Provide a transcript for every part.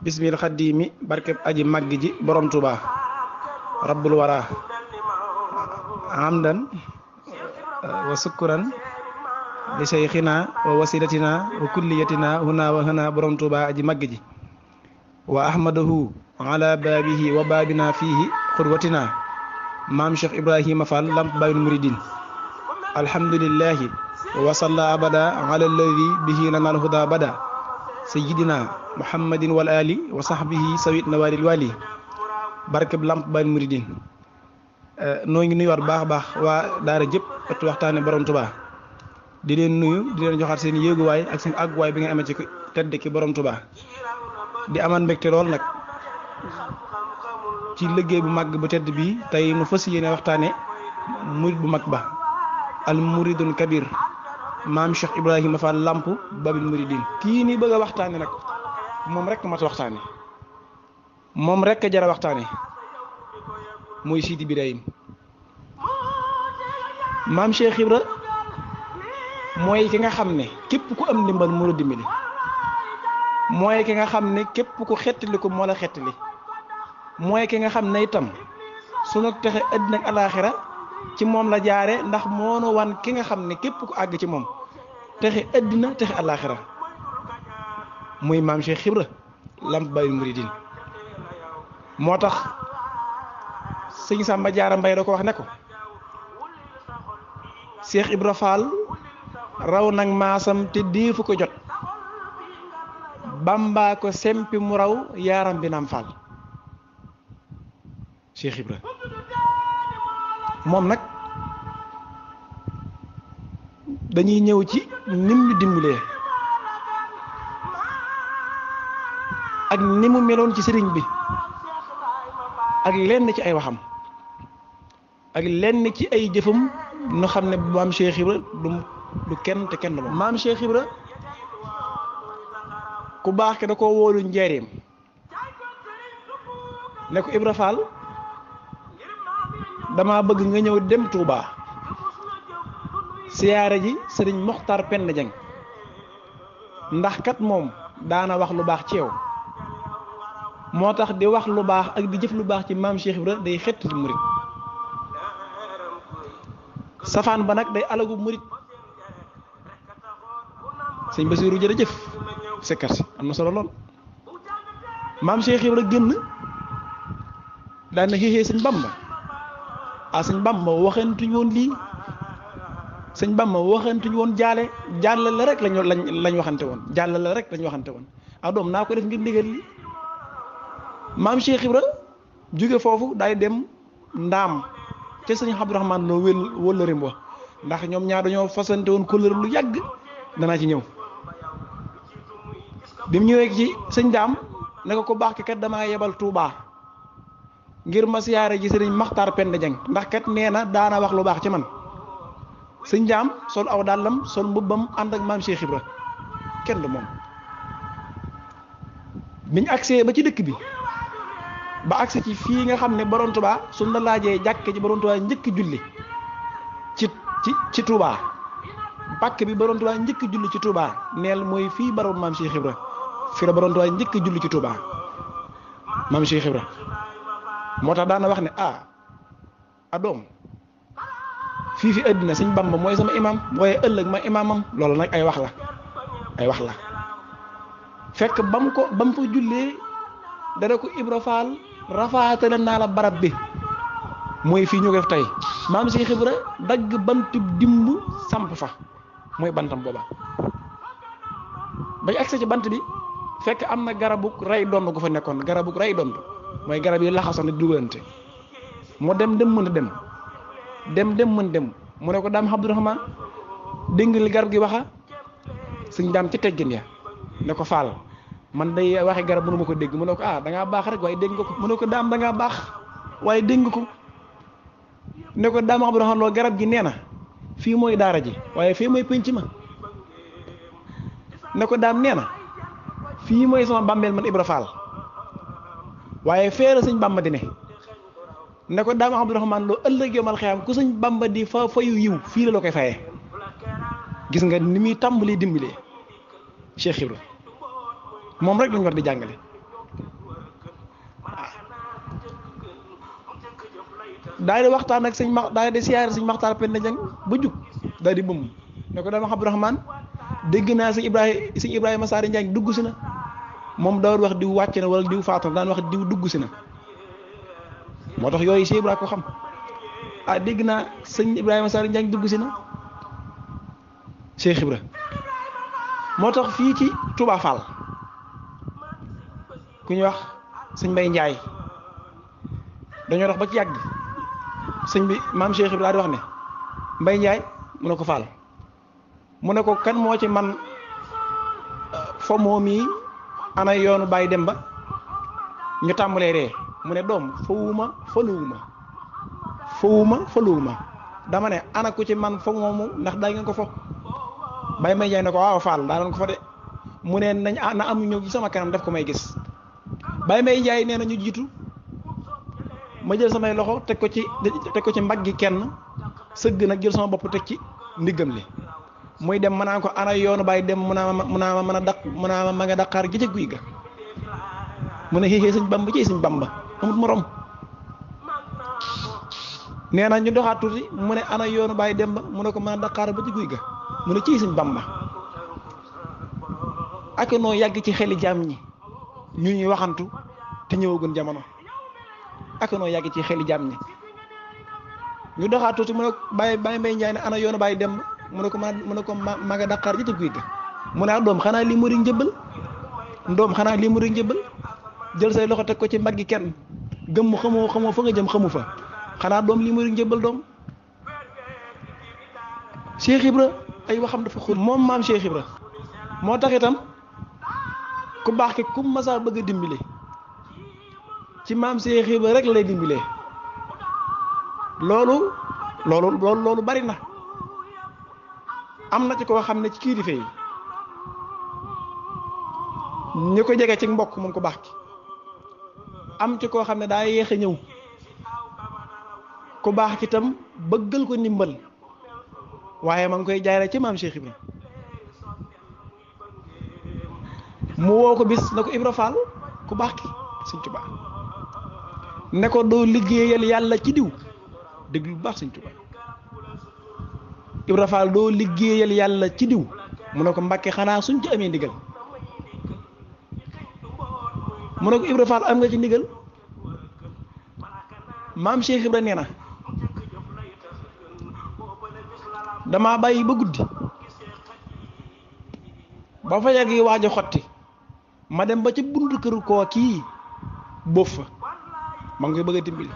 bismil khadimi barkeb aji maggi ji borom tuba rabbul wara hamdan wa sukkuran li seyxina wa wasilatina wa kulliyatina huna wa hana borom tuuba aji màgg ji wa ahmadahu ala baabihi wa baabina fiihi xurwatina maam cheikh ibrahima fall lamp bayyul muridin alhamdulillahi wa salla abada ala alladi bihi lana alhuda bada sayidina muhammadin wal ali wa sahbihi sawit nawalil wali barkeb lamp bayyul muridin noo ngi nuyuwaat baax baax waa daara jëpp ëtt waxtaane borom tuuba di leen nuyu di leen joxaat seen yéeguwaay ak seen àgguwaay bi nga amee ci tedd ki borom Touba di amaat mbégte lool nag ci liggéey bu màgg bu tedd bi tey nu fas yéene waxtaane murid bu mag ba al muridun kabir maam Cheikh Ibrahima Fall Lamp babil muridin kii nii bëgg a waxtaane nag moom rek mat waxtaane moom rek a jara waxtaane muy Sidi Birahim mooy ki nga xam ne képp ku am ndimbal moo la dimbali mooy ki nga xam ne képp ku xettali ko moo la xettali mooy ki nga xam ne itam sunu texe àddina ak alaaxira ci moom la jaare ndax moo nu wan ki nga xam ne képp ku àgg ci moom texe àddina texe alaaxira muy maam Cheikh Ibra Lamp Baay Muridin moo tax sëñ Samba Jaara Mbay da ko wax ne ko Cheikh Ibra Fall raw nag maasam te déefu ko jot bambaa ko sempi mu raw yaaram bi naam faal moom nag dañuy ñëw ci nim ñu ak ni mu meloon ci sëriñ bi ak lenn ci ay waxam ak lenn ci ay jëfum nu xam ne maam Cheikh Ibra du du kenn te kenn du moom maam Cheikh ku baax ke da koo wóolu njëriñ ne ko Ibra Fall dama bëgg nga ñëw dem Touba siyaare ji sëriñ Mokhtar Penda Dieng ndax kat moom daana wax lu baax ci yow moo tax di wax lu baax ak di jëf lu baax ci maam Cheikh Ibra day xett murit safaan ba nag day alagu murit sëñ Basiru jërëjëf sikkar si am na solo lool maam Cheikh Ibra génn daan na xéexee ma Bamba ah sëñ Bamba waxantuñ woon lii sëñ Bamba waxantuñ woon jaale jaale la rek lañ lañ lañ waxante woon jaale rek lañ waxante woon ah doom naa ko def ngir ndigal li maam Cheikh Ibra jóge foofu day dem ndaam ca sëñ Abdourahmane loo wël wëllërim wa ndax ñoom ñaar dañoo fasante woon kóllëre lu yàgg danaa ci ñëw bim ñu ñëwee ci sëñ dam ne ko ko ki kat dama yebal Touba ngir ma siyaré ji sëriñ Maxtaar Penda Jeng ndax kat néna daana wax lu bax ci man sëñ dam sol aw dalam, sol mbubam and ak mam Cheikh Ibra kenn du mom biñ agsee ba ci dëkk bi ba agsi ci fi nga xamné ne borom Touba sun la laajee ci borom Touba ñëk julli ci ci ci Touba pàkk bi borom Touba ñëk julli ci Touba neel moy fi borom mam Cheikh Ibra fi la borom tubaay njëkk julli ci Touba maam Cheikh Ibra moo tax daana wax ne ah adoom fii fi àddina siñ Bamba mooy sama imam waaye ëllëg ma imamam loolu nag ay wax la ay wax la fekk bam ko bam mu fa jullee dara ko Ibra Faal rafaatale naa la barab bi mooy fii ñu ko def tey maam Cheikh Ibra dagg bantub dimb samp fa mooy bantam booba ba ñu agsi ci bant bi fekk am na garabug rey dond gu fa nekkoon garabug rey dond mooy garab yi laxasoon di dugalante moo dem dem mën a dem dem dem mën dem mu ne ko daam Abdourahman dégg li garab gi waxa suñ daam ci teggin ya ne ko faal man day waxe garab mënu ma ko dégg mu ko ah da baax rek waaye dégg nga ko mu ne ko daam da ngaa baax waaye dégg nga ko ne ko daam Abdourahman loo garab gi nee na fii mooy daara ji waaye fii mooy pénc ma ne ko daam nee na fi moy sama bambel man Ibra Fall waye fee seigne bamba di ne ne ko daama Abdourahmane lo ëllëg yomal xiyam ku seigne bamba di fa fayu yiw fi la lokay fayé gis nga ni mi tàmbali dimbilé Cheikh Ibra mom rek lañ war di jàngale daal di waxtaan ak seigne ma daal di siyaare seigne Maxtaar Penda Jeng bu juk daal di bëmm ne ko dama Abdourahmane dégg naa sëñ Ibrahima sëñ Ibrahima Saari Njaañ dugg si moom dawar wax diw wàcc na wala diw faatu na daan wax diw dugg si na moo tax yooyu Cheikh Ibra ko xam ah dégg na sëñ Ibrahima Sarr Njaañ dugg si na Cheikh Ibra moo tax fii ci Touba Fall ku ñuy wax sëñ Mbay Njaay dañoo dox ba ci yàgg sëñ bi maam Cheikh Ibra di wax ne Mbay Njaay mu ne ko Fall mu ne ko kan moo ci man fomoo mii ana yoonu bàyyi dem ba ñu tàmbalee ree mu ne doom ma fawuma faluwuma fawuma ma dama ne ana ku ci man fo moomu ndax day ngeen ko fo bay may jaay ne ko waaw faal daa doon mu ne nañ ah, na am sama kanam def ko may gis bay may jaay nee na ñu jiitu ma jël samay loxo teg ko ci teg ko ci mbaggi kenn sëgg nag jël sama bopp teg ci ndiggam li muy dem mën ko ana yoonu bàyyi dem mu naa ma mu mën a daq mu naa ma ma nga daqaar gëjë guy ga mu ne xéexee sëñ bamba ci sëñ bamba amut mu ne ana yoonu bàyyi dem ba mu ne ko mën a daqaar guy ga mu ne ci sëñ bamba ak noo yàgg ci xeli jaam ñi ñu ñuy waxantu te ñëwagun jamono ak noo yàgg ci xeli jaam ñi ñu doxaat tuuti mu ne bàyyi bàyyi mbay njaay ne ana yoonu bàyyi dem mu ne ko ma mu ne ko ma ma nga daqaar ji te guy ga mu ne ah, doom xanaa lii muri njëbbal doom xanaa lii muri njëbbal jël loxo teg ko ci mbaggi kenn gëm mu xamoo xamoo xamu fa xanaa doom lii muri njëbbal doom Cheikh ay waxam dafa xóot moom maam Cheikh Ibra moo tax itam ku baax ki ku masaa bëgg a dimbile ci maam Cheikh Ibra rek lay dimbile loolu loolu loolu loolu bari na am na ci koo xam ne ci kilifa yi ñi ko jege ci mbokk mu ngi ko baax ki am ci koo xam ne daa yéex a ñëw ku baax ki itam bëggal ko ndimbal waaye ma ngi koy jaare ci maam Cheikh Ibra mu woo ko bis na ko Ibra Fall ku baax ki Sëñ Tuubaa ne ko doo liggéeyal yàlla ci diw déglu bu baax Sëñ Tuubaa ibra fall do liggéeyal yalla ci diw mu ne ko mbàkke xanaa suñ ci amee ndigal mu ne ko ibra fall am nga ci ndigal maam cheikh ibra nee na dama bàyyi ba guddi ba fa yàgg yi waaj xotti ma dem ba ci buntu kër koo kii bof ma ngi koy bëgg dimbali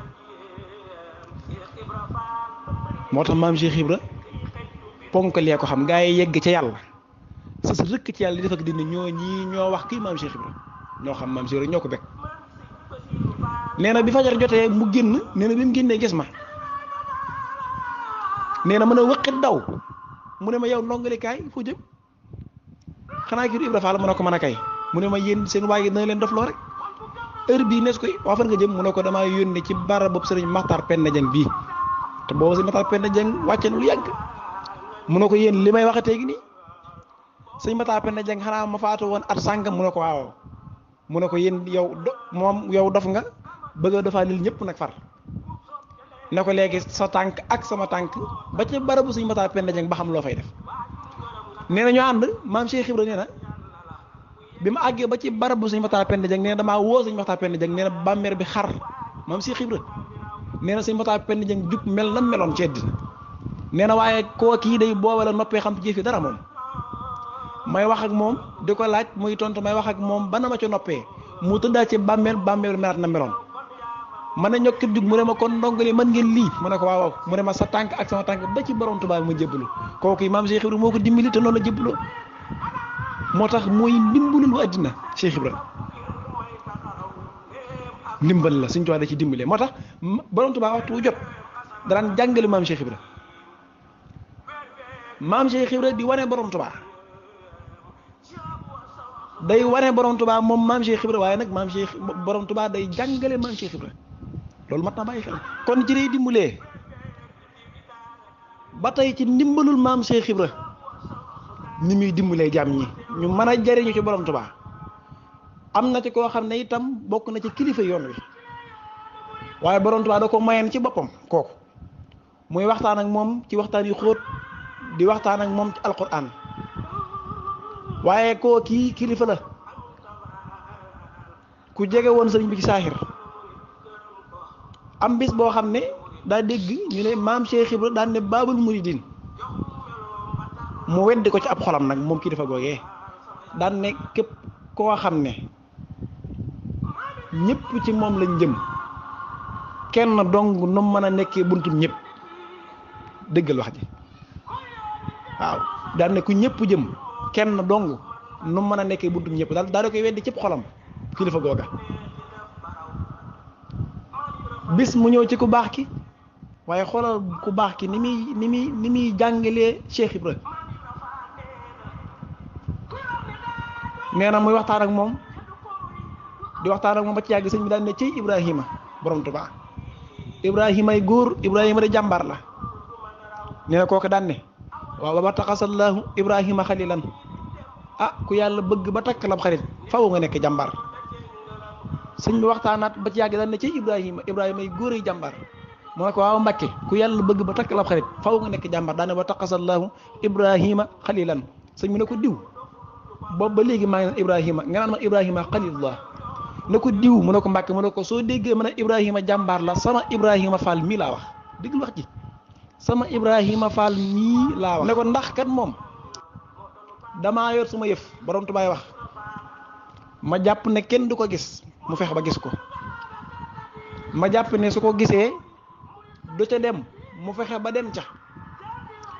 cheikh ibra ponkal ya ko xam gaay yegg ci sa sa rek ci yalla def ak dina ñoo ñi ñoo wax ki maam cheikh ibrahim ñoo xam maam cheikh ñoko bek neena na bi fajar jotté mu genn neena na bi mu genné gis ma nee na mën daw mu ne ma yow nongale kay fu jëm xana ki ibra faal mu ko mëna kay mu ne ma yeen seen waagi na leen dofloo rek heure bi nes koy wa fa nga jëm mu ne ko dama yónne ci barab serigne sëriñ maxtaar jeng bi te boobu sëriñ jeng waccé lu mu ne ko yéen li may waxe tey gi nii sëñ Mata Penda xanaa ma faatu woon at sàngam mu ne ko waaw mu ne ko yéen yow do moom yow dof nga bëgg a dofaa lil ñëpp nag far ne ko léegi sa tànk ak sama tànk ba ci barabu sëñ Mata Penda Dieng ba xam loo fay def nee na ñoo ànd maam Cheikh Ibra nee na bi ma àggee ci barabu sëñ Mata Penda Dieng nee na damaa woo sëñ Mata Penda Dieng nee na bàmmeer bi xar maam Cheikh na sëñ Mata Penda Dieng jub mel na meloon ci neena waye ko ki day booba la noppé xam jëf yi dara mom may wax ak mom diko laaj muy tontu may wax ak mom banama ci noppé mu tudda ci bammel bammel merat na meron mané ñokk dug mu ne ma kon ndongali man ngeen li mu ne ko waaw mu ne ma sa tank ak sama tank ba ci borom tuba mu ko kooku imam Cheikh Ibrahim moko dimbali te noonu la jébbaloo moo tax mooy ndimbalul bu Cheikh ibrahim ndimbal la seigne touba da ci dimbalé motax borom tuba waxtu jot lan Cheikh ibrahim maam Cheikh Ibra di wane borom Tuubaa day wane borom Tuubaa moom maam Cheikh Ibra waaye nag maam Cheikh borom day jàngale maam loolu mat na bàyyi xel kon ci lay dimbalee ba tey ci ndimbalul maam Cheikh Ibra ni muy dimbalee jàmm ñi ñu mën a jariñu ci borom Tuubaa am na ci koo xam ne itam bokk na ci kilifa yoon wi waaye borom Tuubaa da ko mayen ci boppam kooku muy waxtaan ak moom ci waxtaan xóot di waxtaan ak moom ci alquran waaye koo kii kilifa la ku jege woon sëriñ bi ci saaxir am bis boo xam ne daa dégg ñu ne maam Cheikh Ibra daan ne babul muridin mu weddi ko ci ab xolam nag moom kilifa googee daan ne képp koo xam ne ñëpp ci moom lañ jëm kenn dong nu mën a nekkee buntum ñëpp wax ji waaw daan ne ku ñëpp jëm kenn dong nu mën a nekkee buntum ñëpp daal daal koy weddi xolam kilifa googa bis mu ñëw ci ku baax ki waaye xoolal ku baax ki ni muy ni muy ni muy jàngalee cheikh ibrahim nee na muy waxtaan ak moom di waxtaan ak moom ba ci yàgg sëñ bi ci ibrahima borom tuba ibrahima ay góor ibrahima de jàmbar la nee na kooku waaw wa taxasallaahu ibrahima xalilan a ah, ku yàlla bëgg ba takk lab xarit faw nga nekk jàmbar sëñ bi waxtaanaat ba ci yàgg daan na ci ibrahima ibrahima ay góor yi jàmbar mu ne ko waaw mbàkke ku yàlla bëgg ba takk lab xarit faw nga nekk jàmbar daane wa taxasallaahu ibrahima xalilan sëñ bi ne ko diw boobu ba léegi maa ngi naan ibrahima nga naan ma ibrahima xalilullah ne diw mu ne ko mu ne soo déggee ma ne ibrahima jàmbar la sama ibrahima fall mii laa wax dégg sama Ibrahima Fall mii laa wax ne ko ndax kat moom dama yor suma yëf borom tubaay wax ma jàpp ne kenn du ko gis mu fexe ba gis ko ma jàpp ne su ko gisee du ca dem mu fexe ba dem ca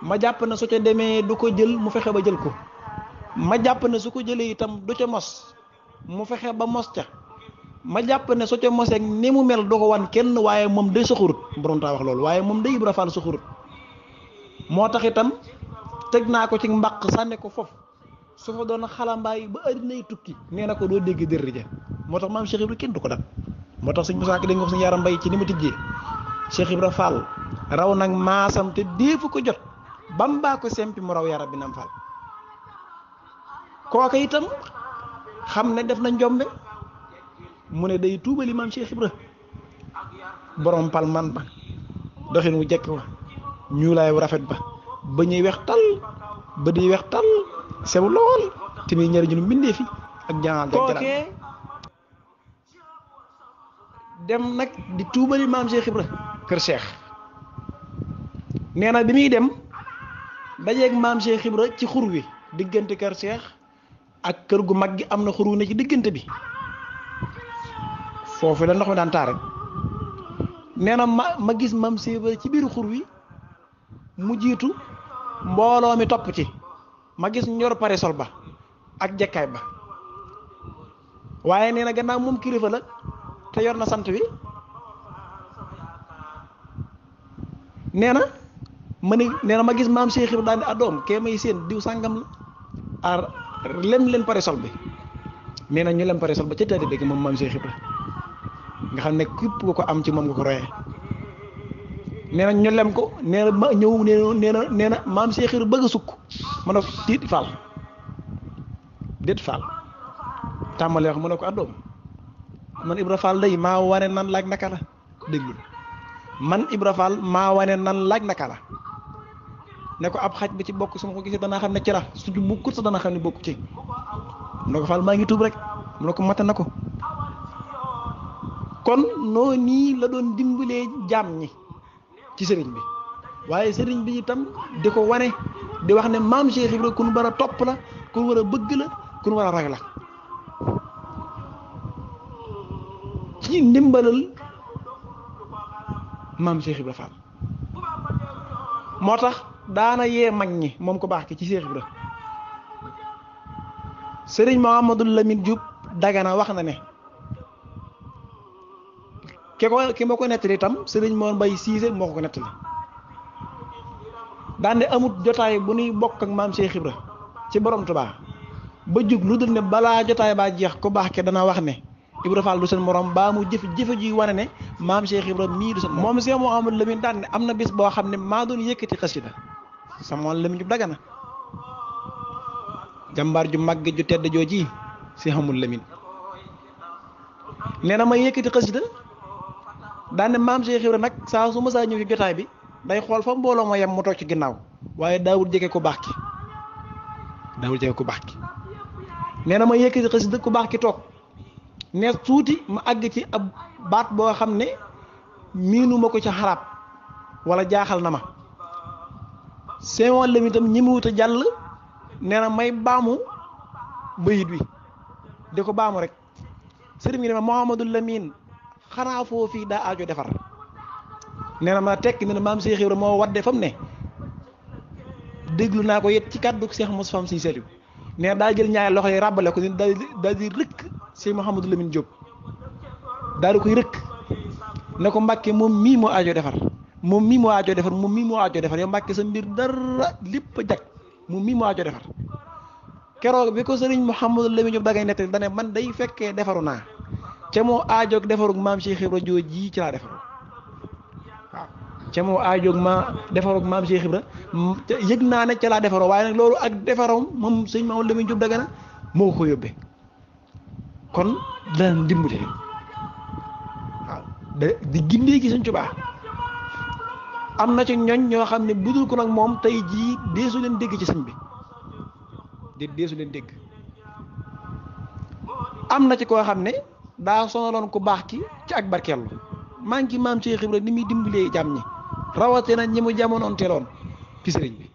ma jàpp ne su ca demee du ko jël mu fexe ba jël ko ma jàpp ne su ko jëlee itam du ca mos mu fexe ba mos ca ma jàpp ne su ca mosee ni mu mel du ko wan kenn waaye moom day soxurut borom taa wax loolu waaye moom day Ibra Fall soxurut moo tax itam teg naa ko ci mbaq sànni ko foofu su fa doon xalambaay ba nay tukki nee na ko doo dégg dërëja moo tax maam Cheikh Ibra kenn du ko dab moo tax sëñ Moussa Ka dañ ko wax Mbay ci ni mu tijjee Cheikh Ibra Fall raw nag maasam te déefu ko jot bam baa ko sempi mu raw yaram bi nam Fall kooka itam xam ne def na njombe mu ne day tuubali maam Cheikh Ibra borom palman ba doxin wu jekk wa ñuulaay bu rafet ba ba ñuy weex tal ba di weex tal sew lool timi ñari ñu fi ak jangal ak jaral dem nak di tuubali mam cheikh ibra keur cheikh neena bi mi dem ak mam cheikh ibra ci xur wi digënté keur cheikh ak keur gu mag gi xuru na ci digënté bi fofu la ndox mi daan taare neena ma gis mam cheikh ibra ci biir xur wi mu jiitu mbooloo mi topp ci ma gis ñor parasol ba ak jekkaay ba waaye nee na gannaaw moom kilifa la te yor na sant wi nee na ma ni nee na ma gis maam Cheikh Ibrahima daal di adoom ah, kee may seen diw sàngam la ar ah, lem leen parasol bi nee na ñu lem parasol ba ca taalibe gi moom maam Cheikh Ibrahima nga xam ne képp nga ko am ci moom nga ko royee nee ñu lem ko nee ma ñew nee na nee na nee maam seexir bëgg sukk ma ne ko déet faal déet wax mu ko adom ah, man ibra fal day ma waré nan laaj naka la déggul man ibra fal ma waré nan laaj naka la ne ko ab xaj bi ci bokk sama ko gisee dana xam ne ci la suñu mu ko dana xam ne bokk ci mu ko fal ma ngi tuub rek mu ko mate ko kon no ni la doon dimbalé jaam ñi ci sëriñ bi waaye sëriñ bi itam di ko wane di wax ne maam Cheikh Ibra ku ñu a topp la ku ñu war a bëgg la ku ñu war a rag la ci ndimbalal maam Cheikh Ibra Fall moo tax daana yee mag ñi moom ko baax ki ci Cheikh Ibra sëriñ Mouhamadou Lamine Diop dagana wax na ne ki ko ki ma ko nettali itam sëriñ Mor Mbaye Cissé moo ko ko nettali daande amut jotaay bu nuy bokk ak maam Cheikh Ibra ci borom Tuubaa ba jug lu dul ne balaa jotaay ba jeex ku baax ke dana wax ne Ibra Fall du seen morom baa mu jëf jëfe juy wane ne maam Cheikh Ibra mii du seen moom Cheikh Mouhamadou Lamine daan ne am na bis boo xam ne maa doon yëkkati xasida sama Lamine ju dagana jàmbaar ju màgg ju tedd jooji Cheikh Mouhamadou Lamine nee na ma yëkkati xasida daane maam Cheikh Ibra nag saa su saa ñëw ci jotaay bi day xool fa mbooloo ma yem mu toog ci ginnaaw waaye daawul jege ku baax ki daawul jege ku baax ki nee na ma yëkkati xasida ku baax ki toog ne tuuti ma àgg ci ab baat boo xam ne miinuma ko ci xaraab walla jaaxal na ma seewoon lam itam a jàll nee na may baamu bayit wi di ko baamu rek sëriñ bi ne ma Mouhamadou Lamine xanaa foofii daa ajo defar nee na ma tekki ne maam Cheikh Ibrahima moo wadde fam ne déglu naa ko yet ci kàddu Cheikh Moussa Fam si Saliou daa jël ñaari loxo yi ràbbale ko daal di daal di rëkk Cheikh Mouhamadou Lamine Diop koy rëkk ne ko Mbàkke moom mii moo aajo defar moom mii moo aajo defar moom mii moo aajo defar yow sa mbir dara lépp jag moom mii moo aajo defar ko sëriñ Mouhamadou Lamine Diop da ngay nettali da ne man day fekkee defaru naa. ca moo aajoog defarug maam Cheikh Ibra jooj ji ci laa defaru waaw ca moo aajoog ma defarug maam Cheikh Ibra yëg naa ne ca laa defaroo waaye nag loolu ak defaroom moom sëñ Mamadou Lamine Diop Dagana moo ko yóbbee kon daan dimbali waaw di gindee gi sëñ Tuubaa am na ci ñoñ ñoo xam ne budul ko nag moom tey jii deesu leen dégg ci sëñ bi de deesu leen dégg am na ci koo xam ne daa sonaloon ku baax ki ci ak barkeellu maa ngi maam Cheikh Ibra ni muy dimbalee jàmm ñi rawatina ñi mu jamonoon teeloon ci sëriñ bi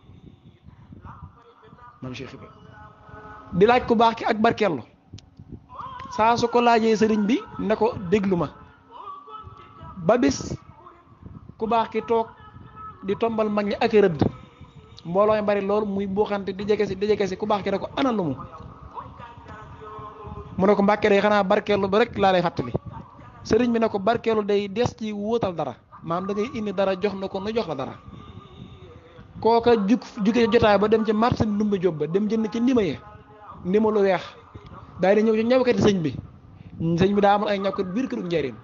maam di laaj ku baax ki ak barkeellu saa su ko laajee sëriñ bi ne ko déglu ma ba bis ku baax ki toog di tombal mag ñi ak rëdd mbooloo bari lool muy buuxante di jege si di jege ku baax ki ne ko ana mu mu ne ko mbàkke day xanaa barkeelu ba rek laa lay fàttali sëriñ bi ne ko barkeelu day des ci wóotal dara maam da ngay indi dara jox na ko nu jox la dara kooka jug jugee jotaay ba dem ci marché ndumba job ba dem jënd ci ndima ye ndima lu weex daal di ñëw ci ñawkati sëñ bi sëñ bi daa amoon ay ñawkat biir këru njëriñ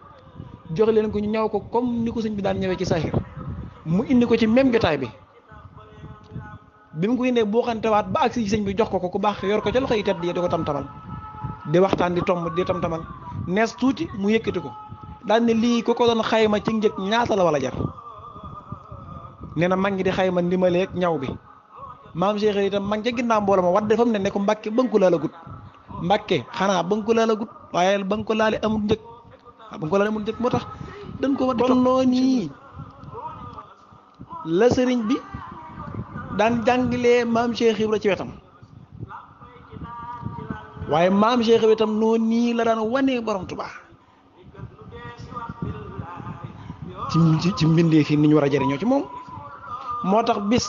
jox leen ko ñu ñaw ko comme ni ko sëñ bi daan ñëwee ci saaxir mu indi ko ci même jotaay bi bi mu ko indee boo xantewaat ba agsi ci bi jox ko ko ku baax yor ko ca loxo yi tedd ko tam tamal di waxtaan di tomb di tam-tamal nees tuuti mu yëkkati ko daal ne lii ko ko doon xayma ci njëg ñaata la wala jar nee na mag ngi di xayma ndimaleeg ñaw bi maam Cheikh itam mag ca ginnaaw mbooloo ma wadde fa mu ne ne ko mbàkke ba nga ko xanaa ba nga ko waaye ba nga ko laale amul njëg ba nga ko laale njëg moo tax dañ ko wadde kon noonu la sëriñ bi daan jàngalee maam Cheikh Ibra ci wetam waaye maam cheikh bi tam noo nii la daan wane borom tuba ci ci mbindee fi ni ñu war a jëriñoo ci moom moo tax bis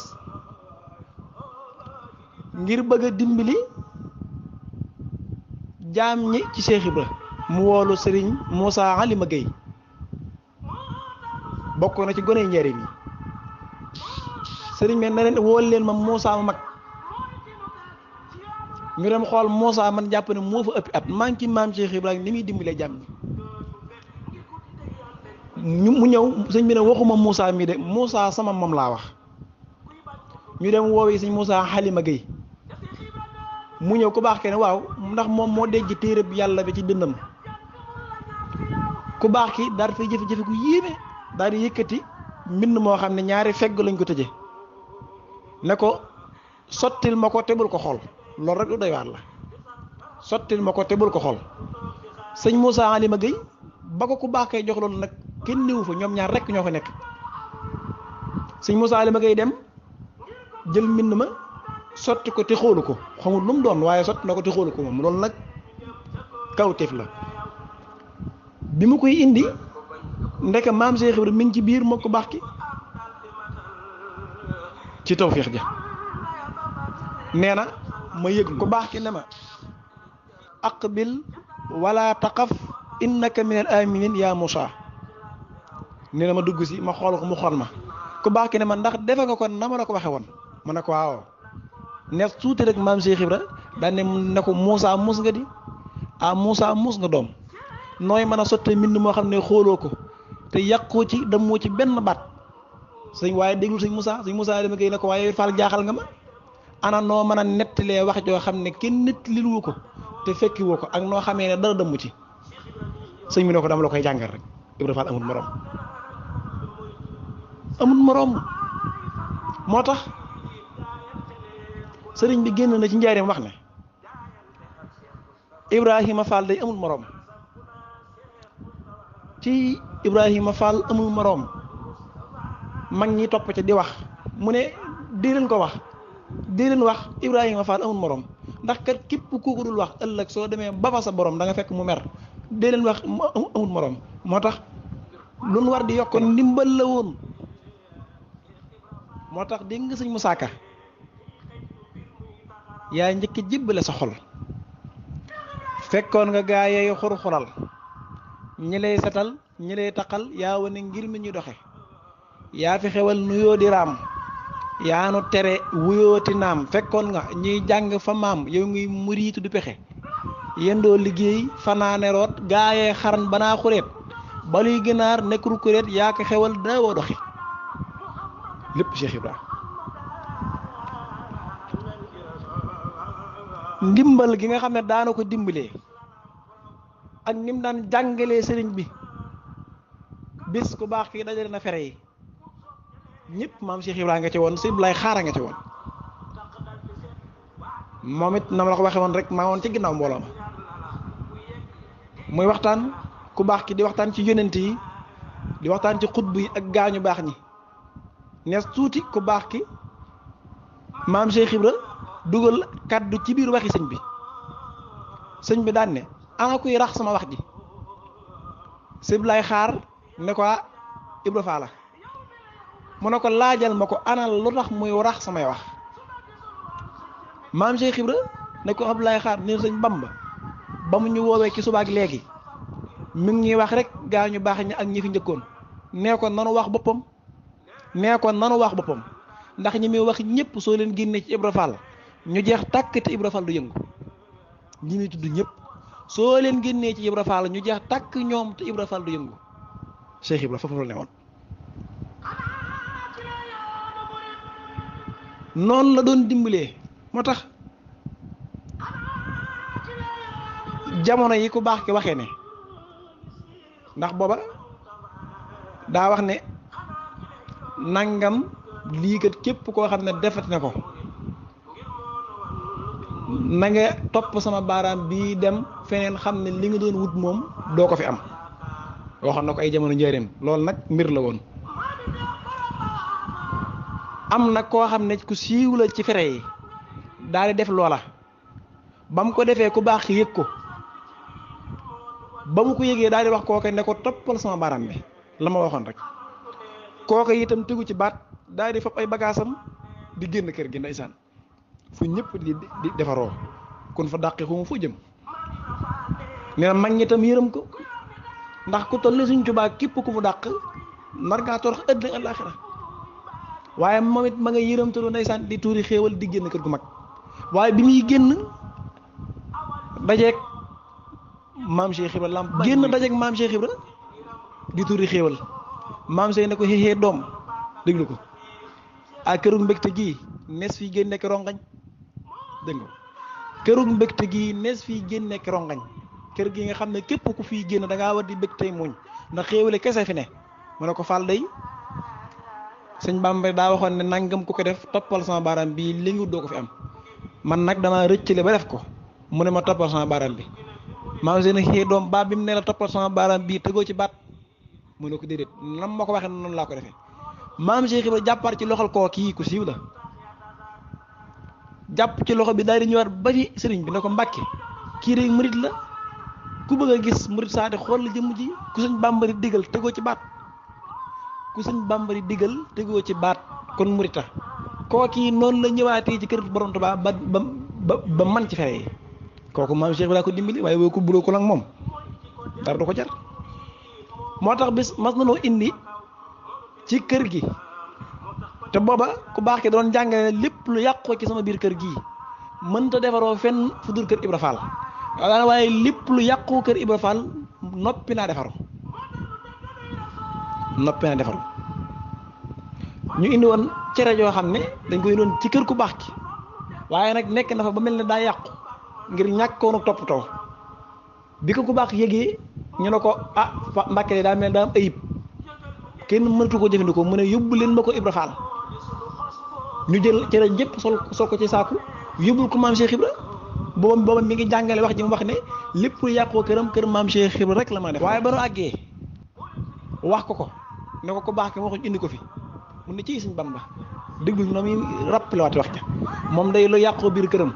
ngir bëgg a dimbali jaam ñi ci cheikh ibra mu woolu sëriñ Moussa Ali Gueye bokk na ci gone njëriñ ni sëriñ me na leen wool leen ma Moussa ma mag ñu dem xool Moussa man jàpp ne moo fa ëpp at man ki maam Cheikh Ibrahima ni muy dimbilee jàmm ñu mu ñëw sëñ bi ne waxuma Moussa mii de Moussa sama moom laa wax ñu dem woowee sëñ Moussa xalima Gueye mu ñëw ku baax kenn waaw ndax moom moo dégg téere bi yàlla bi ci dëndam ku baax ki daal di fay jëfe-jëfe ku yéeme daal di yëkkati mbind moo xam ne ñaari fegg lañ ko tëje ne ko sottil ma ko tebul ko xool loolu rek lu doy waar la sottil ma ko te bul ko xool sëñ Moussa Alima Gueye ba ko ku baax kay jox loolu nag kenn néewu fa ñoom ñaar rek ñoo fa nekk sëñ Moussa Alima Gueye dem jël mbind ma sotti ko te xoolu ko xamul lu mu doon waaye sotti na ko te xoolu ko moom loolu nag kawteef la bi mu koy indi ndeke maam Cheikh Ibrahima mi ngi ci biir moo ko baax ki ci tawféex ja nee na ma yëg ku baax ki ne ma ak aqbil wala taqaf innaka minal aminin yaa Moussa nee na ma dugg si ma xool ko mu xool ma ku baax ki ne ma ndax defe nga ko na ma ko waxe woon ma ne ko waaw ne tuuti rek maam Cheikh Ibra daan ne ne ko Moussa mus nga di a ah, muusaa muus nga doom nooy mën a sottee mbind moo xam ne xooloo ko te yàqoo ci demoo ci benn baat sëñ waaye déglu sëñ Moussa sëñ Moussa dama ko waaye Fall jaaxal nga ma. ana noo mën a nettalee wax joo xam ne kenn nettalil wu ko te fekki ko ak noo xamee ne dara dëmm ci sëñ bi ne ko dama la koy jàngal rek Ibra Fall amul morom moo tax sëriñ bi génn na ci njaareem wax ne Ibrahima Fall day amul moroom ci Ibrahima Fall amul moroom mag ñi topp ca di wax mu ne di leen ko wax. dee leen wax ibrahima fa amul morom ndax kat kep ku ko dul wax ëllëg so demee ba fa sa borom da nga fekk mu mer dee leen wax amul morom motax tax war di yokk ndimbal la woon motax de nga sëñ Moussa Ka yaa jibb la sa xol fekkon nga gaa yey xurxural ñi lay setal ñi lay ngir mi ñu doxé ya fi xewal nuyo di ram yaanu tere wuyooti naam fekkoon nga ñuy jàng fa maam yow ngi muriitu du pexe yendoo liggéey fanaane root gaayee xaran banaa xureet baluy ginaar nekkul kuréet yaa ko xewal daawoo doxi ndimbal gi nga xam ne daana ko dimbalee ak nim daan jàngalee sëriñ bi bis ku baax kii dajale na fere yi ñepp mam Cheikh ibrahim nga ci won si lay xara nga ci won momit nam la ko waxe won rek ma won ci ginnaw mbolo ma muy waxtan ku bax ki di waxtan ci yonenti di waxtan ci khutbu yi ak gañu bax ni nes tuti ku bax ki mam Cheikh Ibra dugal kaddu ci bir waxi sëñ bi sëñ bi daan ne ana kuy rax sama wax ji sib lay xaar ne ko ah, Ibra fala mu ne ko laajal ma ko anal lu tax muy rax samay wax maam Cheikh Ibra ne ko laay Xaar ne sëñ Bamba ba mu ñu woowee ci subaak léegi mi ngi ñuy wax rek gaa ñu baax ñi ak ñi njëkkoon nee ko nanu wax boppam nee ko nanu wax boppam ndax ñi muy wax ñëpp soo leen génnee ci Ibra Fall ñu jeex tàkk te Ibra Fall du yëngu ñi muy tudd ñëpp soo leen génnee ci Ibra Fall ñu jeex tàkk ñoom te Ibra Fall du yëngu Cheikh Ibra foofu la ne woon noonu la doon dimbalee moo tax jamono yi ku baax ki waxee ne ndax booba daa wax ne nangam lii kat képp koo xam ne defet ne ko na nga topp sama baaraam bii dem feneen xam ne li nga doon wut moom doo ko fi am waxoon na ko ay jamono njëriñ loolu nag mbir la woon am na koo xam ne ku siiw la ci fere yi daal di def loola ba mu ko defee ku baax yëg ko ba mu ko yëgee daal di wax kooka ne ko toppal sama baram bi la ma waxoon rek kooka itam tegu ci baat daal di fab ay bagaasam di génn kër gi ndeysaan fu ñëpp di defaroo kon fa dàqi xuma fu jëm nee na mag ñi tam yërëm ko ndax ku toll suñ Tuubaa képp ku mu dàq nar ngaa torox ëdd àllaaxira waaye moom it ma nga yëramtaloo ndeysaan di tuuri xéewal di génn kër gu mag waaye bi muy génn dajeeg maam Cheikh génn dajeeg maam Cheikh di tuuri xéewal maam ne ko xéexee doom déglu ko ak këru mbégte gii nees fii génne nekk rongañ dégg nga këru mbégte génn nekk kër gi nga xam ne képp ku fi génn da ngaa war di bégtey muñ ndax xéewale kese fi ne mu ne ko fàll day sëñ Bamba daa waxoon ne nangam ku ko def toppal sama baaraam bii li nga doo ko fi am man nag damaa rëccale ba def ko mu ne ma toppal sama baaraam bi maam seen xëy doom baa bi mu ne la toppal sama baaraam bii tëggoo ci baat mu ne ko déedéet nam ma ko waxee noonu laa ko defee maam Cheikh Ibra jàppar ci loxol koo kii ku siiw la jàpp ci loxo bi daal di ñëwaat ba ci sëriñ bi ne ko mbàkke kii rek murit la ku bëgg a gis murit saati xool la jëmm ji ku sëñ Bamba di ci baat ku sëñ digel, digal teggo ci baat kon murita kooki non la ñëwaatee ci kër borom tuba ba ba man ci fere koku mam cheikh bi ko dimbali waye ko ko lang mom dara ko jar motax bis mas nañu indi ci kër gi te boba ku baax ki doon jàngale lépp lu yàqoo ci sama biir kër gii mënta defaroo fenn fu dul kër ibra fall waaye lépp lu kër ibra fall noppi naa noppi na defal ñu indi won ci joo xam dañ ko indoon ci kër ku bax ci waaye nak nek na fa ba melni mel ne daa yàqu nu top to bi ko ku bax yëgee ñu ne ah mbàkke da mel da am ayib kenn mënatu ko jëfandikoo mu ne yóbbu leen mako ko ibra faal ñu jël ci cere jëpp sol sol ko ci saaku yobul ko maam cheikh ibra booba booba mi ngi jangale wax ji mu wax ne lépp yàqoo këram kër mam cheikh ibra rek la ma def waye ba nu àggee wax ko ko ne ko ku baax ki waxuñ indi ko fi mu ne ci Sëñ Bamba déglu na muy rappelé waat wax ca moom day lu yàqoo biir këram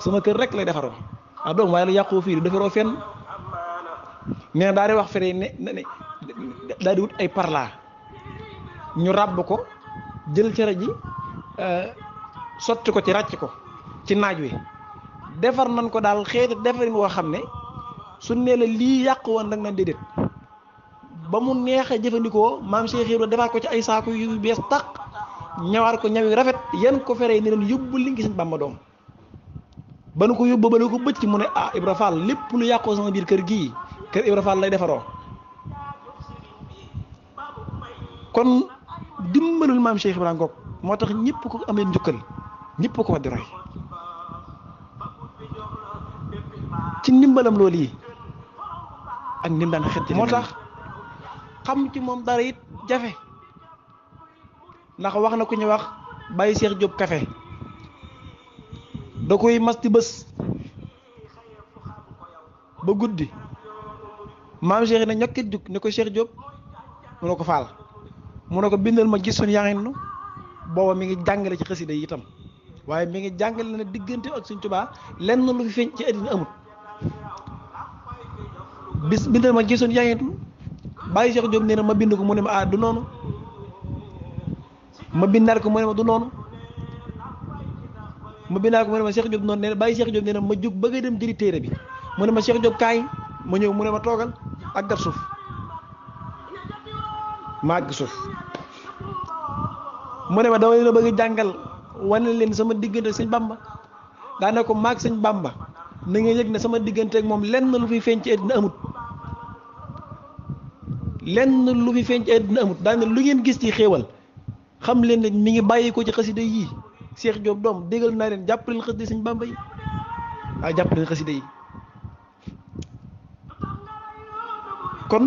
sama kër rek lay defaroo ah waaye lu yàqoo fii defaroo fenn nee daa di wax fere ne ne daa di wut ay parla ñu ràbb ko jël cere ji euh, sotti ko ci ràcc ko ci naaj wi defar nañ ko daal xeeti defarin woo xam ne su ne la lii yàq woon rek na déedéet ba mu neexee jëfandikoo maam Cheikh Ibrahima defaat ko ci ay saako yu bees taq ñawaar ko ñawi rafet yan ko fere ni leen yóbbu li ngi seen Bàmba doom ba nu ko yóbbu ba nu ko bëcc mu ne ah Ibra Fall lu yàqoo sama biir kër gii kër Ibra lay defaroo kon dimbalul maam Cheikh Ibrahima Ngok moo tax ñëpp ko amee njukkal ñëpp ko di roy ci ndimbalam loolu ak xet moo tax xam ci moom dara it jafe ndax wax na ku ñu wax bàyyi Cheikh Diop kafe da koy mas di bés ba guddi maam Cheikh na ñokkit jug ne ko Cheikh Diop mu ne ko faal mu ne ko bindal ma gis suñu yaxin booba mi ngi jàngale ci xasida yi itam waaye mi ngi jàngale na diggante ak suñ tubaa lenn lu fi feeñ ci àddina amut bis bindal ma gis suñu yaxin bàyyi Cheikh Diop nee na ma bind ko mu ne ma ah du noonu ma bindaat ko mu ne ma du noonu ma bindaat ko mu ma Cheikh Diop noonu nee na bàyyi Cheikh Diop nee ma jug bëgg a dem jëri téere bi mu ne ma Cheikh Diop kaay ma ñëw mu ne ma toogal ak suuf màgg suuf mu ne ma dama leen a bëgg jàngal wane leen sama diggante sëñ Bamba daane ko maag sëñ Bamba na nga yëg ne sama diggante ak moom lenn lu fiy feeñ ci àddina amut lenn lu fi feeñ ci amut daane lu ngeen gis ci xéewal xam leen mi ngi bàyyi ko ci xasida yii Cheikh Diop doom déggal naa leen jàpp leen xasida Sëñ Bàmba yi waaw jàpp leen xasida yi kon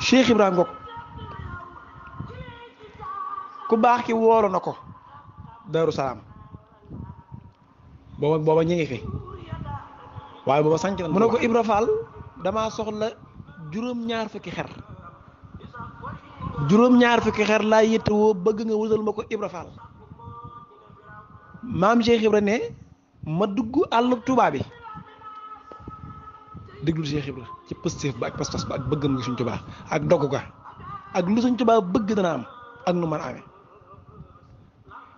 Cheikh Ibrahima Ngok ku baax ki wooro na ko Daaru Salaam booba booba ñu ngi fi waaye booba sànc na mu ne ko Ibra Fall damaa soxla juróom-ñaar fukki xer juróom-ñaar fukki xer laa yittewoo bëgg nga wutal ma ko Ibra Fall maam Cheikh Ibra ne ma dugg àll Tuubaa bi déglu Cheikh Ibra ci pëstéef ba ak pas-pas ba ak bëggam gi suñ Tuubaa ak dogg ga ak lu suñ Tuubaa bëgg dana am ak nu man amee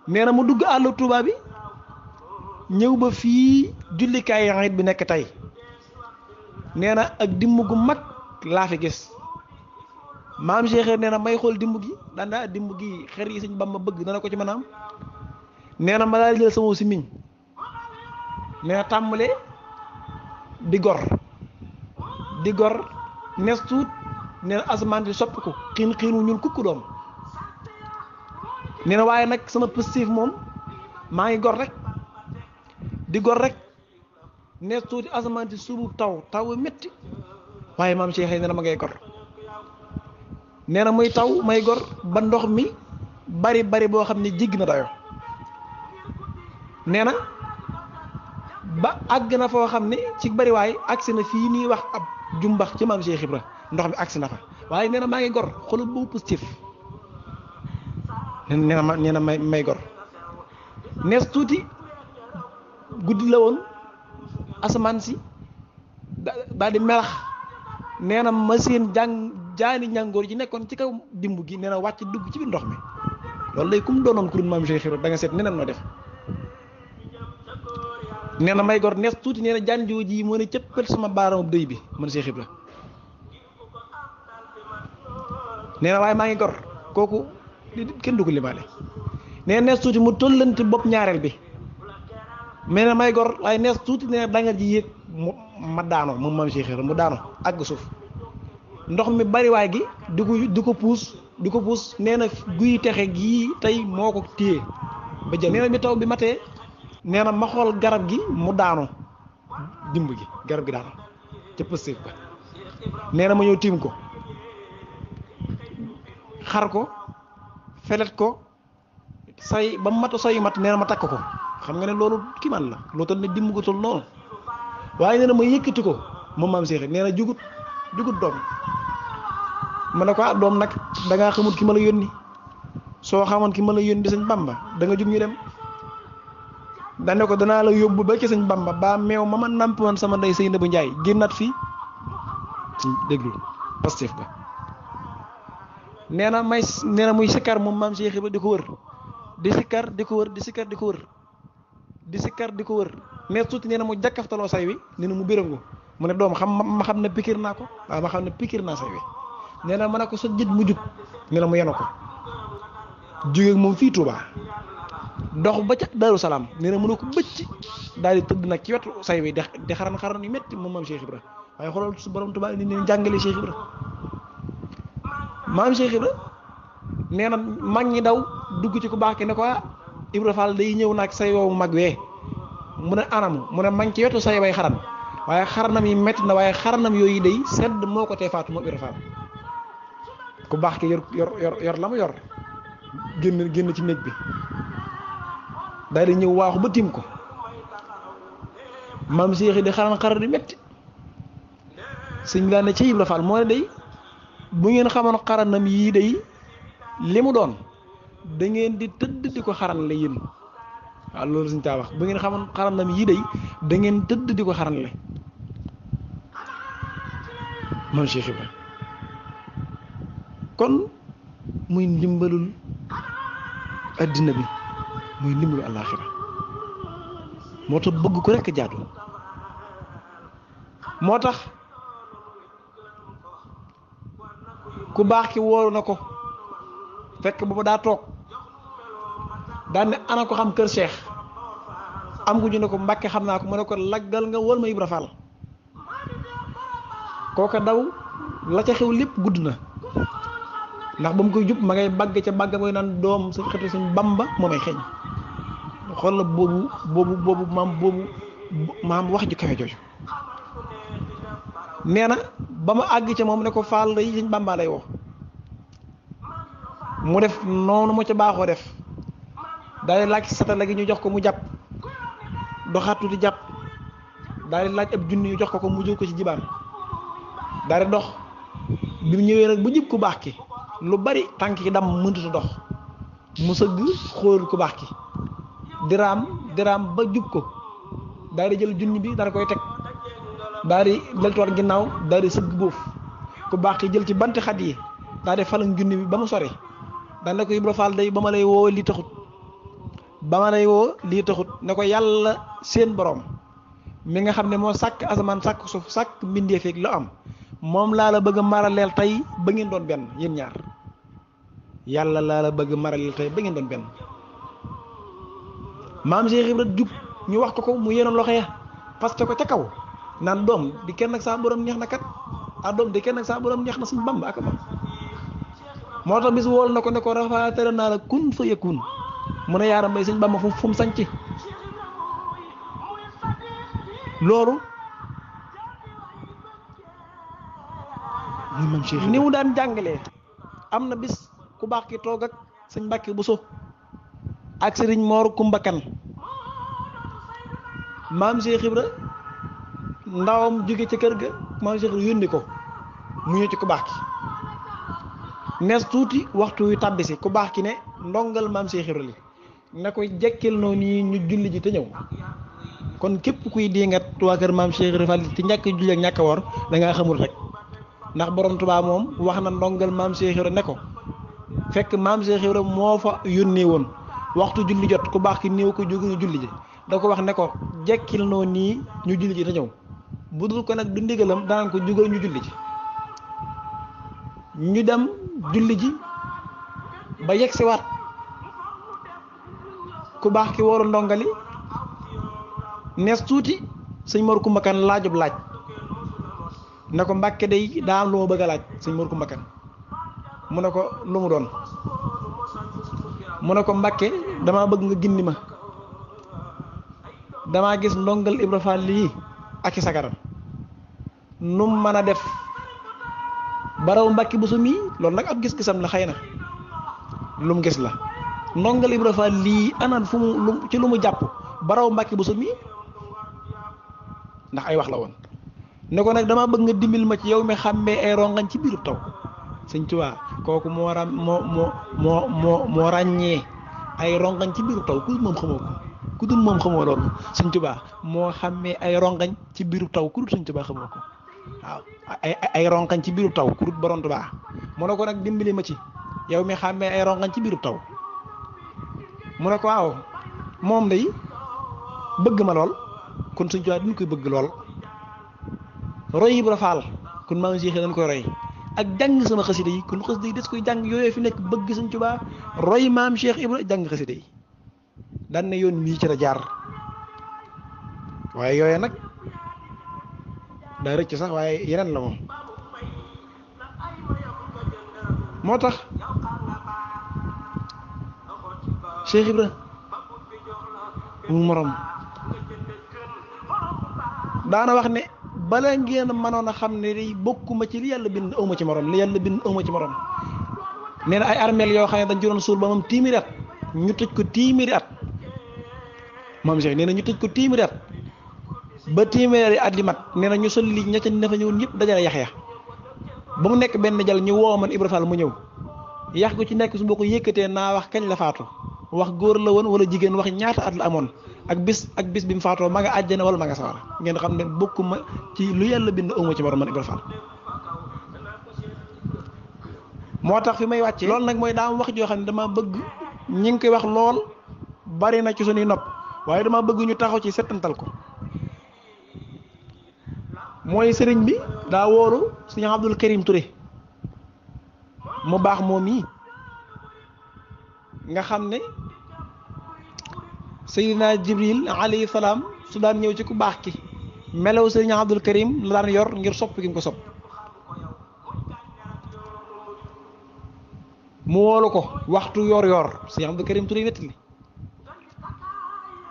nee na mu dugg àll Tuubaa bi ñëw ba fii jullikaay yi bi nekk tey nee na ak dimm gu mag laa fi gis maam Cheikh nee na may xool dimb gi daandaa dimb gi xer yi siñ sëñ ma bëgg dana ko ci mën a na ma daal jël sama simiñ nee na tàmbale di gor di gor nestuut tuut asamaan di soppi ko xiin xiin wu ñuul kukku doom nee na waaye nag sama positif moom maa ngi gor rek di gor rek nes tuuti asamaan di suubu taw taw metti waaye maam Cheikh nee na ma ngay gor nee na muy taw may gor ba ndox mi bari bari boo xam ne jigg na dayo nee na ba àgg na foo xam ne ci bariwaay agsi na fii nii wax ab jumbax ci maam Cheikh Ibra ndox mi agsi na fa waaye nee na maa ngi gor xolul bu positif nee na ma nee na may may gor nees tuuti guddi la woon asamaan si daal di melax neena machine jang jani ñangoor ji nekkon ci kaw dimbu gi neena wacc dugg ci bi ndox mi lolou lay kum donon kurun maam cheikh da nga set nenam no def neena may gor nes tuti neena jani joji mo ne sama baram deuy bi man cheikh ibra neena way ma ngi gor koku ken du limale limaale nes tuti tuti mu tollanti bop ñaarel bi may gor nes tuti da nga ji yek ma daanoo moom maam Cheikh mu daano àgg suuf ndox mi bariwaay gi di ko ko puus di ko puus nee na guy texe gii tey moo ko téye ba jël nee na bi taw bi matee neena ma xool garab gi mu daano dimb gi garab gi daanoo ca pëstéef ba nee na ma ñëw tiim ko xar ko felet ko say ba mat matu say mat nee ma takk ko xam nga ne loolu kiman la loo tal ne dimb ko tol noonu waye neena ma yëkkati ko moom mam Cheikh neena jugut jugut dom mané ko ah, dom nak da nga xamul ki mala yoni so xamone ki mala yoni seigne Bamba da nga jug ñu dem ne ko dana la yobbu ba ci seigne Bamba ba meew ma ma namp won sama ndey seigne bu ndjay gennat fi deglu pastef ba neena may neena muy sikar moom mam Cheikh ba diko wër di sikar diko wër di sikar diko wër di sikar diko wër mais suuti nee na mu jakaftaloo say wi nee mu béréngu mu ne dom xam ma xam na pikir nako wa ma xam na pikir na say wi nee manako so ne mu jub nee mu yenu ko mom fi touba dox ba ca daru salam nee mu nako becc bëcc di tëdd ci wetu say wi de xaran xaran yu metti mom Cheikh Ibra xolal su borom touba ni ni jangale Cheikh Ibra mam Cheikh Ibra magni daw dugg ci ku ne ko ah, Ibra Fall day ñew nak say wo mag we mu ne anam mu ne man ci yotu say way xaran waaye xaranam yi metti na waaye xaranam yooyu day sedd moo ko te faatu moom Ibra Faal ku baax ki yor yor yor la mu yor génn génn ci néeg bi daal di ñëw waaxu ba tiim ko maam Seex di xaran xaran di métti sëñ laa ne ci Ibra Faal moo ne day bu ngeen xamoon xaranam yii day li mu doon da ngeen di tëdd di ko xaran la yéen waaw ah, loolu suñ taa bu ngeen xamoon xaranlam yii day da ngeen tëdd di ko xaranle moom Cheikh Ibra kon muy ndimbalul àddina bi muy ndimbalu àllaaxira moo tax bëgg ko rekk jaadu moo tax ku baax ki wóolu na ko fekk booba daa toog daan ana ko xam kër Cheikh am ku ñu ne ko mbakke xam naa ko mu ne ko laggal nga wal ma Ibra Fall kooka daw la ca xew lépp gudd na ndax ba mu koy jub ma bàgg ca bàgg mooy naan doom sa xetu Bamba moo may xeeñ xool la boobu boobu boobu maam boobu maam wax ju kawe jooju nee na ba ma àgg ca moom ne ko Fall day suñ Bamba lay woo mu def noonu moo ca baaxoo def daal di laaj satala gi ñu jox ko mu jàpp doxaat tuuti jàpp daal di laaj ab junni ñu jox ko ko mu jëw ko ci jibaan daal di dox bi mu ñëwee nag bu jib ku baax ki lu bari tànk yi dam mënut dox mu sëgg xóoral ku baax ki diraam diraam ba jub ko daal di jël junni bi daal koy teg daal di deltuwaat ginnaaw daal di sëgg boof ku baax ki jël ci banti xat yi daal di falan junni bi ba mu sori daal di koy Ibra Faal day ba ma lay woo li taxut ba ma lay lii taxut ne ko yàlla seen boroom mi nga xam ne moo sàkk asamaan sàkk suuf sàkk mbindeef ak lu am moom laa la bëgg a maraleel tey ba ngeen doon benn yéen ñaar yàlla laa la bëgg maraleel tey ba ngeen doon benn maam Cheikh Ibra jub ñu wax ko ko mu yenn loxo ya parce que ko ca kaw naan doom di kenn ak saa borom neex na kat ah doom di kenn ak saa borom neex na suñu bamb ak moo tax bis wool na ko ne ko rafetlu naa la kun fa yëkkun mu ne yaaram mbay sëñ Bamba fu fu mu sanc loolu ni mu daan jàngalee am na bis ku baax ki toog ak sëñ bu Buso ak sëriñ Moor Kumba Kan maam Cheikh Ibra ndawam jóge ci kër ga maam Cheikh Ibra yónni ko mu ñëw ci ku baax ki nees tuuti waxtu yu tàbbisi ku baax ki ne ndongal maam Cheikh Ibra na koy jekkil noonu yi ñu julli ji te ñëw kon képp kuy diingat waa kër maam Cheikh Ibra Fall ci ñàkk julli ak ñàkk woor da ngaa xamul rek ndax borom Tuubaa moom wax na ndongal maam Cheikh Ibra ne ko fekk maam Cheikh moo fa yónnee woon waxtu julli jot ku baax ki néew ko jóg ñu julli ji da ko wax ne ko jekkil noonu nii ñu julli ji te ñëw bu dul ko nag du ndigalam daan ko jugal ñu julli ji ñu dem julli ji ba yegsiwaat ku bax ki woro ndongali nes tuti señ mor kumba kan laajub laaj ne ko day da am lu ma bëgg a laaj sëñ mor kumba kan mu ne ko lu mu doon dama bëgg nga dama gis ndongal ibrafa li ak sagaram num mana def baraw busumi nak ab gis-gisam la xeyna lum gis la nongal ibra fa li anan fu ci lu mu japp baraw mbacke bu mi ndax ay wax la won ne ko nak dama bëgg nga dimbil ma ci yow mi xamé ay rongañ ci biru taw seigne touba koku mo ram mo mo mo mo, mo ragné ay rongañ ci biru taw ku mom xamoko ku dul mom xamoko lool seigne touba mo xamé ay rongañ ci biru taw ku dul señ xamoko waaw ay ay rongañ ci biru taw ku dul borom tuba mo nak dimbilima ci yow mi xamé ay rongañ ci biru taw mu ne ko waaw moom day bëgg ma lool kon suñ tubaab duñ koy bëgg lool roy yi bu rafaal kon maa ngi siy xëy koy roy ak jàng sama xasida yi kon xasida yi des koy jàng yooyu fi nekk bëgg Sëñ Tuubaa roy maam Cheikh Ibra jàng xasida yi daan na yoon wii ci la jaar waaye yooyu nag daa rëcc sax waaye yeneen la moom moo tax Cheikh Ibra mu morom daana wax ne bala ngeen mënoon a xam ne day bokkuma ci li yàlla bind awma ci morom li yàlla bind awma ci morom nee na ay armeel yoo xam ne dañ ci suul ba moom téeméeri at ñu tëj ko téeméeri at moom Cheikh nee na ñu tëj ko téeméeri at ba téeméeri at li mat nee na ñu sol li ña ca dafa ñëwoon ñëpp dajale yax ya ba mu nekk benn jal ñu woo man Ibra Fall mu ñëw yax gu ci nekk su ma ko yëkkatee naa wax kañ la faatu wax góor la woon wala jigéen wax ñaata at la amoon ak bis ak bis bi mu faatoo ma nga àjjana wala ma nga sawara ngeen xam ne bokkuma ci lu yàlla bind ëwma ci borom man Ibra Fall moo tax fi may wàccee lool nag mooy daam wax joo xam ne dama bëgg ngi koy wax lool bari na ci suñuy nopp waaye dama bëgg ñu taxaw ci settantal ko mooy sëriñ bi daa wóolu sëriñ Abdul Karim Touré mu baax moom yi nga xam ne Seydina Jibril alayhi salaam su daan ñëw ci ku baax ki melow Seydina Abdul Karim la daan yor ngir sopp gi mu ko sopp mu woolu ko waxtu yor-yor Seydina Abdul Karim Touré wetti li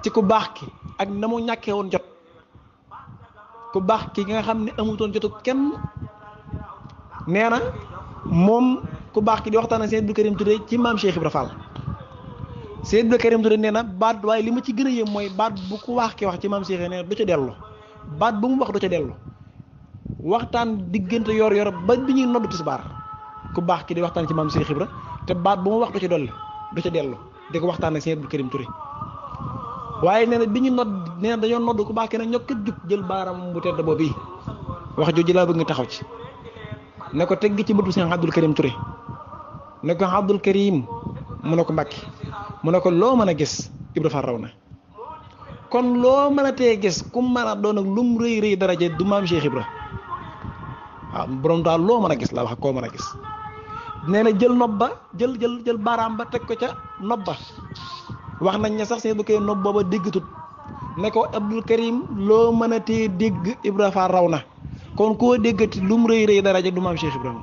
ci ku baax ki ak na mu ñàkkee woon jot ku baax ki nga xam ne amutoon jotu kenn nee na moom ku baax ki di waxtaan ak Seydina Abdul Karim Touré ci maam Cheikh Ibra seen ibnu karim tudde nee baat way li ci gëna yëm moy baat bu ko wax ki wax ci mam Cheikh nee na du ca dellu baat bu mu wax du ci delu waxtaan digënté yor yor ba bi ñuy nodd ku bax ki di waxtaan ci mam Cheikh Ibra te baat bu mu wax du ci dolli du ci delu di ko waxtaan ak seen ibnu karim Touré waye nee na bi ñu nodd nee dañu dañoo nodd ku bax ki nak ñokkat jug jël baram bu tedd boobu wax joji la bëgg taxaw ci ne ko tegg ci bëtu seen Abdul Karim Touré ne ko Abdul Karim mu ne ko mu ne ko loo mën gis ibra farawna kon lo mana te gis ku mën don ak lum reey dara je du mam cheikh ibra waaw borom da lo mana gis la wax ko mën gis neena na jël nob jël jël jël ba tek ko ca nobba wax nañ ne sax sey bu ne ko abdul karim lo mana te tee ibra kon ko déggati lum reey daraja je du mam cheikh ibrahima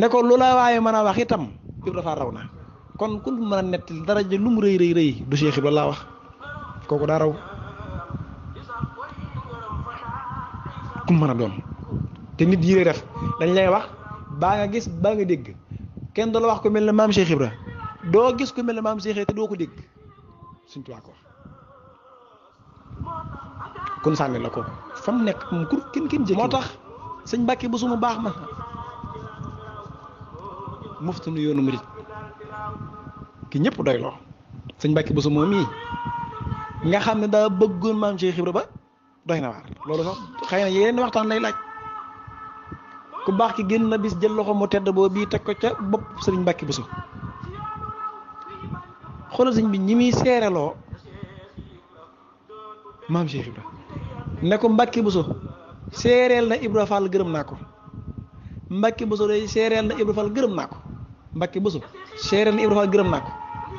ne ko lula waye wax itam ibra farawna kon ku mën a nett daraja lu mu rëy rëy rëy du Cheikh Ibra laa wax kooku daa raw ku mën a doon te nit yi def dañ lay wax baa nga gis baa nga dégg kenn du la wax ku mel ne maam Cheikh Ibra doo gis ku mel ne maam Cheikh te doo ko dégg suñ kon sànni la ko fa nekk moom ku kenn kenn jëkk moo tax sëñ Mbàkke bu suma baax ma muftu nu yoonu murit ki ñépp doy loo sëñ Mbàkke Buso moom mii nga xam ne daa bëggoon maam Cheikh Ibra ba doy na waar loolu sax xëy na yeneen waxtaan lay laaj ku baax ki génn na bis jël loxo mu tedd boo bii teg ko ca bopp sëriñ Mbàkke Buso xoolal sëñ bi ñi muy seereloo maam Cheikh Ibra ne ko Mbàkke Buso seereel na Ibra Fall gërëm naa ko Mbàkke Buso day seereel na Ibra Fall naa ko Mbàkke Buso seere ni Ibra Fall gërëm naa ko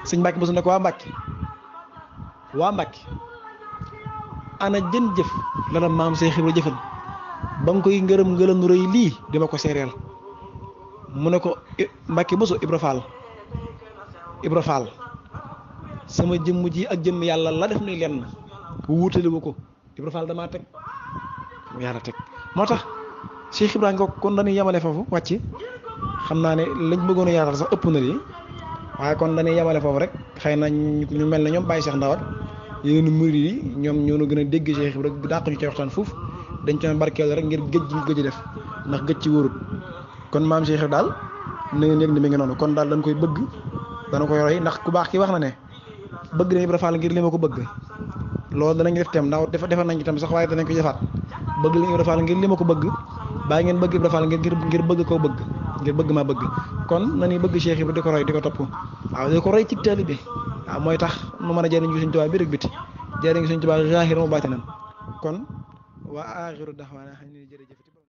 sëñ Mbàkke mosu ne ko waa Mbàkke waa Mbàkke ana jën jëf la la maam Seex Ibra jëfal ba nga koy ngërëm ngërëm nu rëy lii dima ko seereel mu ne ko Mbàkke mosu Ibra Fall Ibra Fall sama jëmm ji ak jëmm yàlla la def nuy lenn wuutale wu ko Ibra Fall damaa teg yàlla teg moo tax Cheikh Ibrahima kon dañuy yemale foofu wàcc xam naa ne lañ bëggoon a yaatal sax ëpp na lii waaye kon dañuy yemale foofu rek xëy na ñu mel ne ñoom Baye Cheikh Ndawat yeneen murid yi ñoom ñoo nu gën a dégg Cheikh Ibra bu dàq ñu ci waxtaan foofu dañ ci barkeel rek ngir gëj gi ñu gëj def ndax gëj ci wóorut kon maam Cheikh daal na ngeen yëg ni mi ngi noonu kon daal dañ koy bëgg dana koy roy ndax ku baax ki wax na ne bëgg nañ Ibra Fall ngir li ma ko bëgg loolu danañ def tem ndax defal nañ itam sax waaye danañ ko jëfaat bëgg nañ Ibra Fall ngir li ma ko bëgg bàyyi ngeen bëgg Ibra Fall ngir ngir bëgg koo bëgg ngir bëgg ma bëgg kon nañuy bëgg Cheikh Ibra di ko roy di ko topp waaw di ko roy ci taalibe bi waaw mooy tax nu mën a jëriñu Sëñ Tuubaa bi rek biti jëriñu Sëñ Tuubaa zaahir mu baatinan kon waa aaxiru daxwaana xam ne jërëjëf